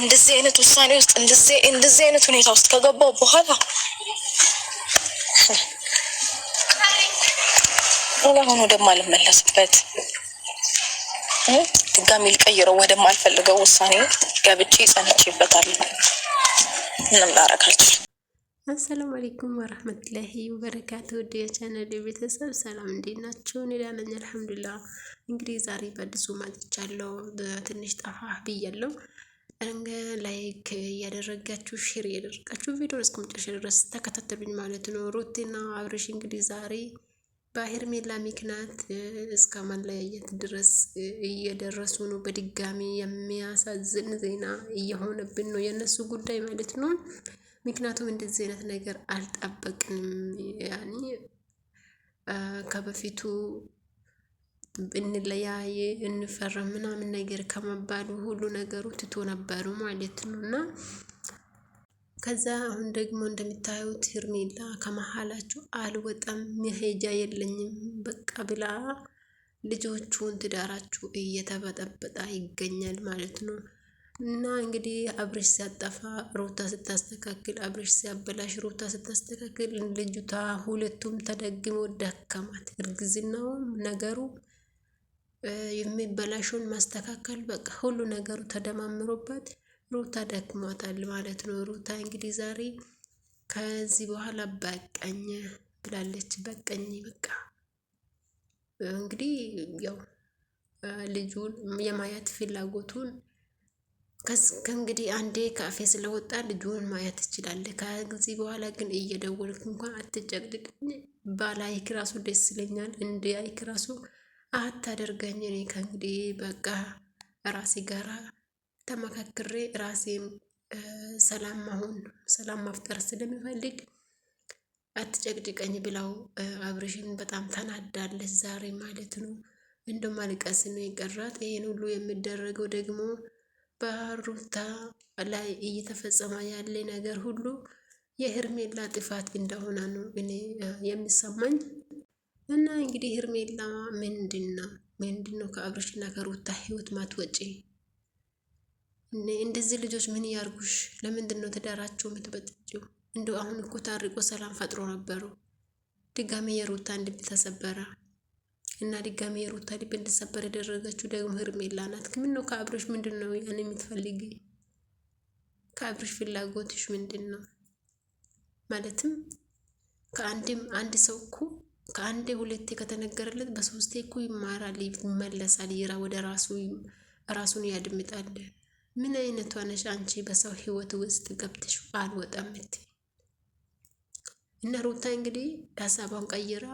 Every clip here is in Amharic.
እንደዚህ አይነት ውሳኔ ውስጥ እንደዚህ አይነት ሁኔታ ውስጥ ከገባው በኋላ ለሆነ ወደማልመለስበት ድጋሚ ልቀይረው ማልፈልገው ውሳኔ ገብቼ ጸንቼበታለሁ። ምንም ላረግ አልችልም። አሰላሙ አለይኩም ወረህመቱላሂ ወበረካቱ። ውድ የቻናል ቤተሰብ ሰላም፣ እንዴት ናችሁ? እኔ ደህና ነኝ አልሐምዱሊላህ። እንግዲህ ዛሬ በአዲሱ መጥቻለሁ። ትንሽ ጠፋ ብያለሁ። እንገ ላይክ እያደረጋችሁ ሼር እያደረጋችሁ ቪዲዮን እስከ መጨረሻ ድረስ ተከታተሉኝ ማለት ነው። ሩቲና አብርሽ እንግዲህ ዛሬ በሄርሜላ ምክንያት እስከ መለያየት ድረስ እየደረሱ ነው። በድጋሚ የሚያሳዝን ዜና እየሆነብን ነው የእነሱ ጉዳይ ማለት ነው። ምክንያቱም እንደዚህ አይነት ነገር አልጠበቅንም ያኔ ከበፊቱ እንለያየ እንፈረም ምናምን ነገር ከመባሉ ሁሉ ነገሩ ትቶ ነበሩ ማለት ነው እና ከዛ አሁን ደግሞ እንደሚታዩት ሄርሜላ ከመሀላቸው አልወጣም መሄጃ የለኝም በቃ ብላ ልጆቹን ትዳራችሁ እየተበጠበጣ ይገኛል ማለት ነው እና እንግዲህ አብሬሽ ሲያጠፋ ሩታ ስታስተካክል፣ አብሬሽ ሲያበላሽ ሩታ ስታስተካክል፣ ልጅቷ ሁለቱም ተደግሞ ደከማት። እርግዝናውም ነገሩ የሚበላሹን ማስተካከል በቃ ሁሉ ነገሩ ተደማምሮበት ሩታ ደክሟታል ማለት ነው። ሩታ እንግዲህ ዛሬ ከዚህ በኋላ በቀኝ ብላለች። በቀኝ በቃ እንግዲህ ያው ልጁን የማየት ፍላጎቱን ከእንግዲህ አንዴ ካፌ ስለወጣ ልጁን ማየት ይችላል። ከዚህ በኋላ ግን እየደወልኩ እንኳን አትጨቅጭቅኝ። ባላይክ ራሱ ደስ ይለኛል። እንደ አይክ ራሱ አታደርገኝ። እኔ ከእንግዲህ በቃ ራሴ ጋራ ተመካክሬ ራሴም ሰላም መሆን ሰላም ማፍጠር ስለሚፈልግ አትጨቅጭቀኝ ብለው አብርሽን በጣም ተናዳለች ዛሬ ማለት ነው። እንደ ማልቀስ ነው የቀራት። ይህን ሁሉ የሚደረገው ደግሞ በሩታ ላይ እየተፈጸመ ያለ ነገር ሁሉ የሄርሜላ ጥፋት እንደሆነ ነው እኔ የሚሰማኝ። እና እንግዲህ ሄርሜላ ምንድን ነው ምንድን ነው ከአብርሽና ከሩታ ህይወት ማትወጪ? እንደዚህ ልጆች ምን ያርጉሽ? ለምንድን ነው ትዳራቸው የምትበጥጪው? እንደው አሁን እኮ ታርቆ ሰላም ፈጥሮ ነበሩ። ድጋሜ የሩታን ልብ ተሰበረ እና ድጋሜ የሩታ ልብ እንድሰበር ያደረገችው ደግሞ ሄርሜላ ናት። ምን ነው ከአብርሽ ምንድን ነው ያን የምትፈልጊ? ከአብርሽ ፍላጎትሽ ምንድን ነው? ማለትም ከአንድም አንድ ሰው እኮ ከአንዴ ሁለቴ ከተነገረለት በሶስቴ እኮ ይማራል፣ ይመለሳል፣ ይራ ወደ ራሱ ራሱን ያድምጣል። ምን አይነቷ ነሽ አንቺ በሰው ህይወት ውስጥ ገብተሽ አልወጣም እቴ። እና ሩታ እንግዲህ ሀሳቧን ቀይራ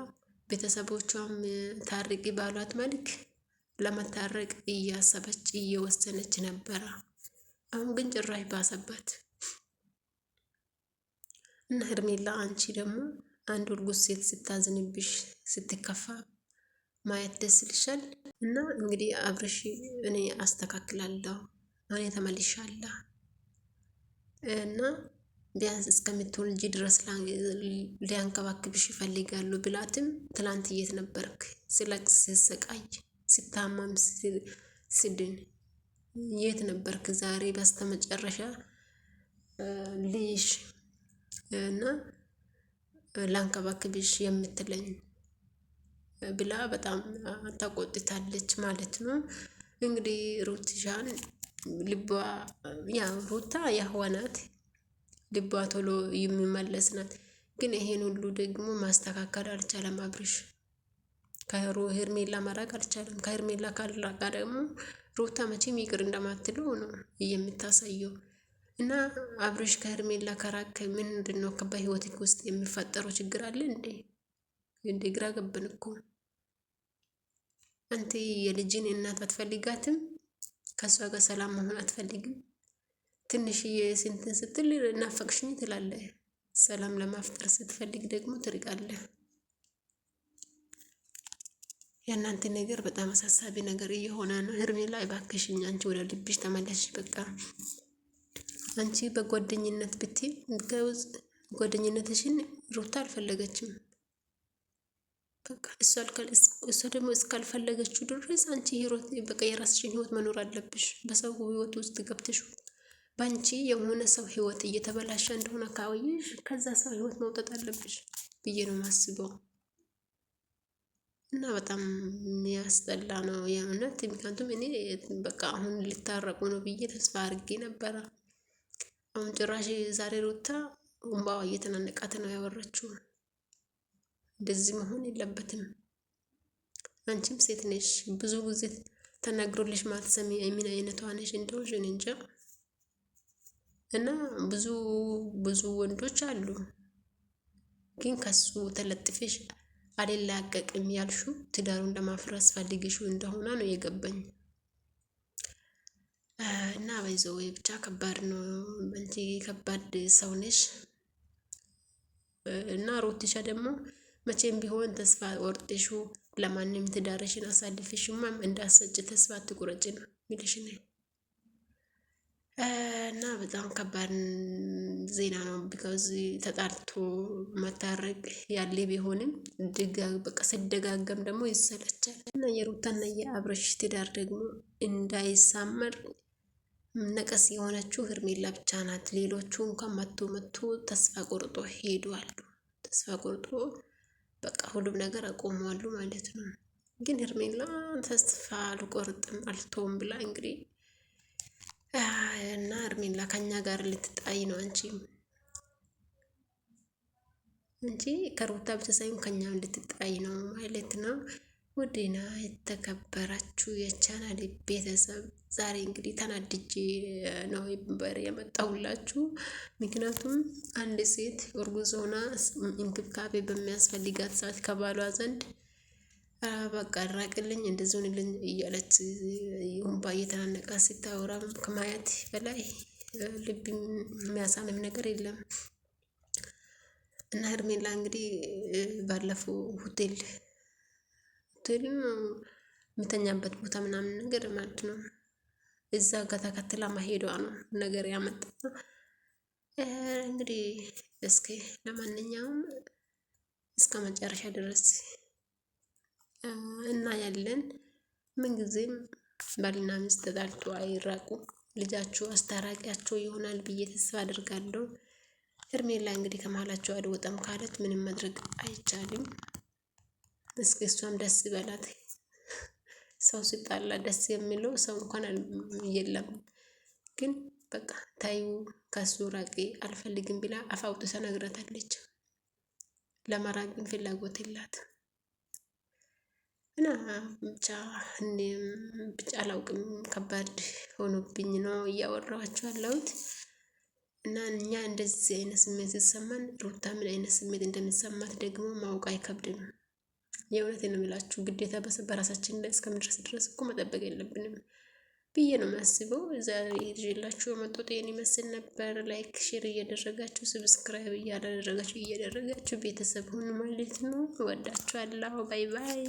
ቤተሰቦቿም ታርቂ ባሏት መልክ ለመታረቅ እያሰበች እየወሰነች ነበረ። አሁን ግን ጭራሽ ባሰባት እና ሄርሜላ አንቺ ደግሞ አንድ እርጉዝ ሴት ስታዝንብሽ ስትከፋ ማየት ደስ ይልሻል። እና እንግዲህ አብርሽ እኔ አስተካክላለሁ እኔ ተመልሻለሁ እና ቢያንስ እስከምትወልጂ ድረስ ሊያንከባክብሽ ይፈልጋሉ ብላትም ትላንት የት ነበርክ ስለቅስ ስሰቃይ ስታማም ስድን የት ነበርክ ዛሬ በስተመጨረሻ ልይሽ እና ላንከባክብሽ የምትለኝ ብላ በጣም ተቆጥታለች ማለት ነው። እንግዲህ ሩትሻን ልቧ ያ ሩታ ያህዋ ናት፣ ልቧ ቶሎ የሚመለስ ናት። ግን ይሄን ሁሉ ደግሞ ማስተካከል አልቻለም አብርሽ ከሩ ሄርሜላ ማራቅ አልቻለም። ከሄርሜላ ካልራቃ ደግሞ ሩታ መቼም ይቅር እንደማትለው ነው የምታሳየው። እና አብሮሽ ከሄርሜላ ከራክ ምንድን ነው ህይወት ውስጥ የሚፈጠረው ችግር አለ እንዴ? እንዴ ግራ ገባን እኮ አንተ የልጅን እናት አትፈልጋትም? ከእሷ ጋር ሰላም መሆን አትፈልግም? ትንሽዬ ስንትን ስትል እናፈቅሽኝ ትላለ ሰላም ለማፍጠር ስትፈልግ ደግሞ ትርቃለ። የእናንተ ነገር በጣም አሳሳቢ ነገር እየሆነ ነው። ሄርሜላ እባክሽኝ አንቺ ወደ ልብሽ ተመለሽ በቃ። አንቺ በጓደኝነት ብቴ ከውዝ ጓደኝነትሽን ሩታ አልፈለገችም። እሷ ደግሞ እስካልፈለገችው ድረስ አንቺ ህይወት በቃ የራስሽን ህይወት መኖር አለብሽ። በሰው ህይወት ውስጥ ገብተሽ በአንቺ የሆነ ሰው ህይወት እየተበላሸ እንደሆነ ካወየሽ ከዛ ሰው ህይወት መውጣት አለብሽ ብዬ ነው ማስበው። እና በጣም የሚያስጠላ ነው የእውነት። ምክንያቱም እኔ በቃ አሁን ልታረቁ ነው ብዬ ተስፋ አድርጌ ነበረ። አሁን ጭራሽ ዛሬ ሩታ ወንባዋ እየተናነቃት ነው ያወራችው። እንደዚህ መሆን የለበትም። አንቺም ሴት ነሽ፣ ብዙ ጊዜ ተናግሮልሽ ማትሰሚ የሚን አይነቷ ነሽ? እንደውሽ እንጃ። እና ብዙ ብዙ ወንዶች አሉ፣ ግን ከሱ ተለጥፈሽ አልላቀቅም ያልሹ ትዳሩን ለማፍረስ ፈልግሹ እንደሆነ ነው የገባኝ። እና ወይ ብቻ ከባድ ነው። አንቺ ከባድ ሰው ነሽ። እና ሮትሻ ደግሞ መቼም ቢሆን ተስፋ ቆርጥሹ ለማንም ትዳርሽን አሳልፍሽማ እንዳሰጭ ተስፋ አትቁረጭ ነው የሚልሽ ነው። እና በጣም ከባድ ዜና ነው። ቢካዝ ተጣርቶ መታረቅ ያለ ቢሆንም በቃ ሲደጋገም ደግሞ ይሰለቻል እና የሩታና የአብረሽ ትዳር ደግሞ እንዳይሳመር ነቀስ የሆነችው ሄርሜላ ብቻ ናት። ሌሎቹ እንኳን መቶ መቶ ተስፋ ቆርጦ አሉ። ተስፋ ቆርጦ በቃ ሁሉም ነገር አቆመዋሉ ማለት ነው። ግን ሄርሜላ ተስፋ አልቆርጥም አልተውም ብላ እንግዲህ እና ሄርሜላ ከኛ ጋር ልትጣይ ነው አንቺ እንጂ ከሩታ ብቻ ሳይሆን ከኛም ልትጣይ ነው ማለት ነው። ውድና የተከበራችሁ የቻናል ቤተሰብ ዛሬ እንግዲህ ተናድጄ ነው በር የመጣሁላችሁ። ምክንያቱም አንድ ሴት እርጉዝ ሆና እንክብካቤ በሚያስፈልጋት ሰዓት ከባሏ ዘንድ በቃ ራቅልኝ እንደዚሁንልኝ እያለች ሁንባ እየተናነቃ ስታወራ ከማየት በላይ ልብ የሚያሳምም ነገር የለም። እና ሄርሜላ እንግዲህ ባለፈው ሆቴል ሆቴል የምተኛበት ቦታ ምናምን ነገር ማለት ነው። እዛ ጋር ተከትላ ማሄዷ ነው ነገር ያመጣት ነው። እንግዲህ እስከ ለማንኛውም እስከ መጨረሻ ድረስ እና ያለን ምንጊዜም ባልና ሚስት ተጣልቶ አይራቁ። ልጃችሁ አስታራቂያቸው ይሆናል ብዬ ተስፋ አድርጋለሁ። ሄርሜላ እንግዲህ ከመሀላቸው አልወጣም ካለት ምንም መድረግ አይቻልም። እስኪ እሷም ደስ ይበላት። ሰው ሲጣላ ደስ የሚለው ሰው እንኳን የለም። ግን በቃ ታዩ ከሱ ራቂ አልፈልግም ብላ አፋውጥ አውጥታ ነግራታለች። ለመራቅ ግን ፍላጎት የላት እና ብቻ ብቻ አላውቅም። ከባድ ሆኖብኝ ነው እያወራኋቸው ያለሁት። እና እኛ እንደዚህ አይነት ስሜት ሲሰማን ሩታ ምን አይነት ስሜት እንደሚሰማት ደግሞ ማወቅ አይከብድም። የእውነት ነው የምላችሁ። ግዴታ በራሳችን ላይ እስከምንደርስ ድረስ እኮ መጠበቅ የለብንም ብዬ ነው የማስበው። ዛሬ ይዤላችሁ የመጣሁት ይሄን ይመስል ነበር። ላይክ፣ ሼር እያደረጋችሁ ሰብስክራይብ እያደረጋችሁ እያደረጋችሁ ቤተሰብ ሁኑ ማለት ነው። ወዳችኋለሁ። ባይ ባይ።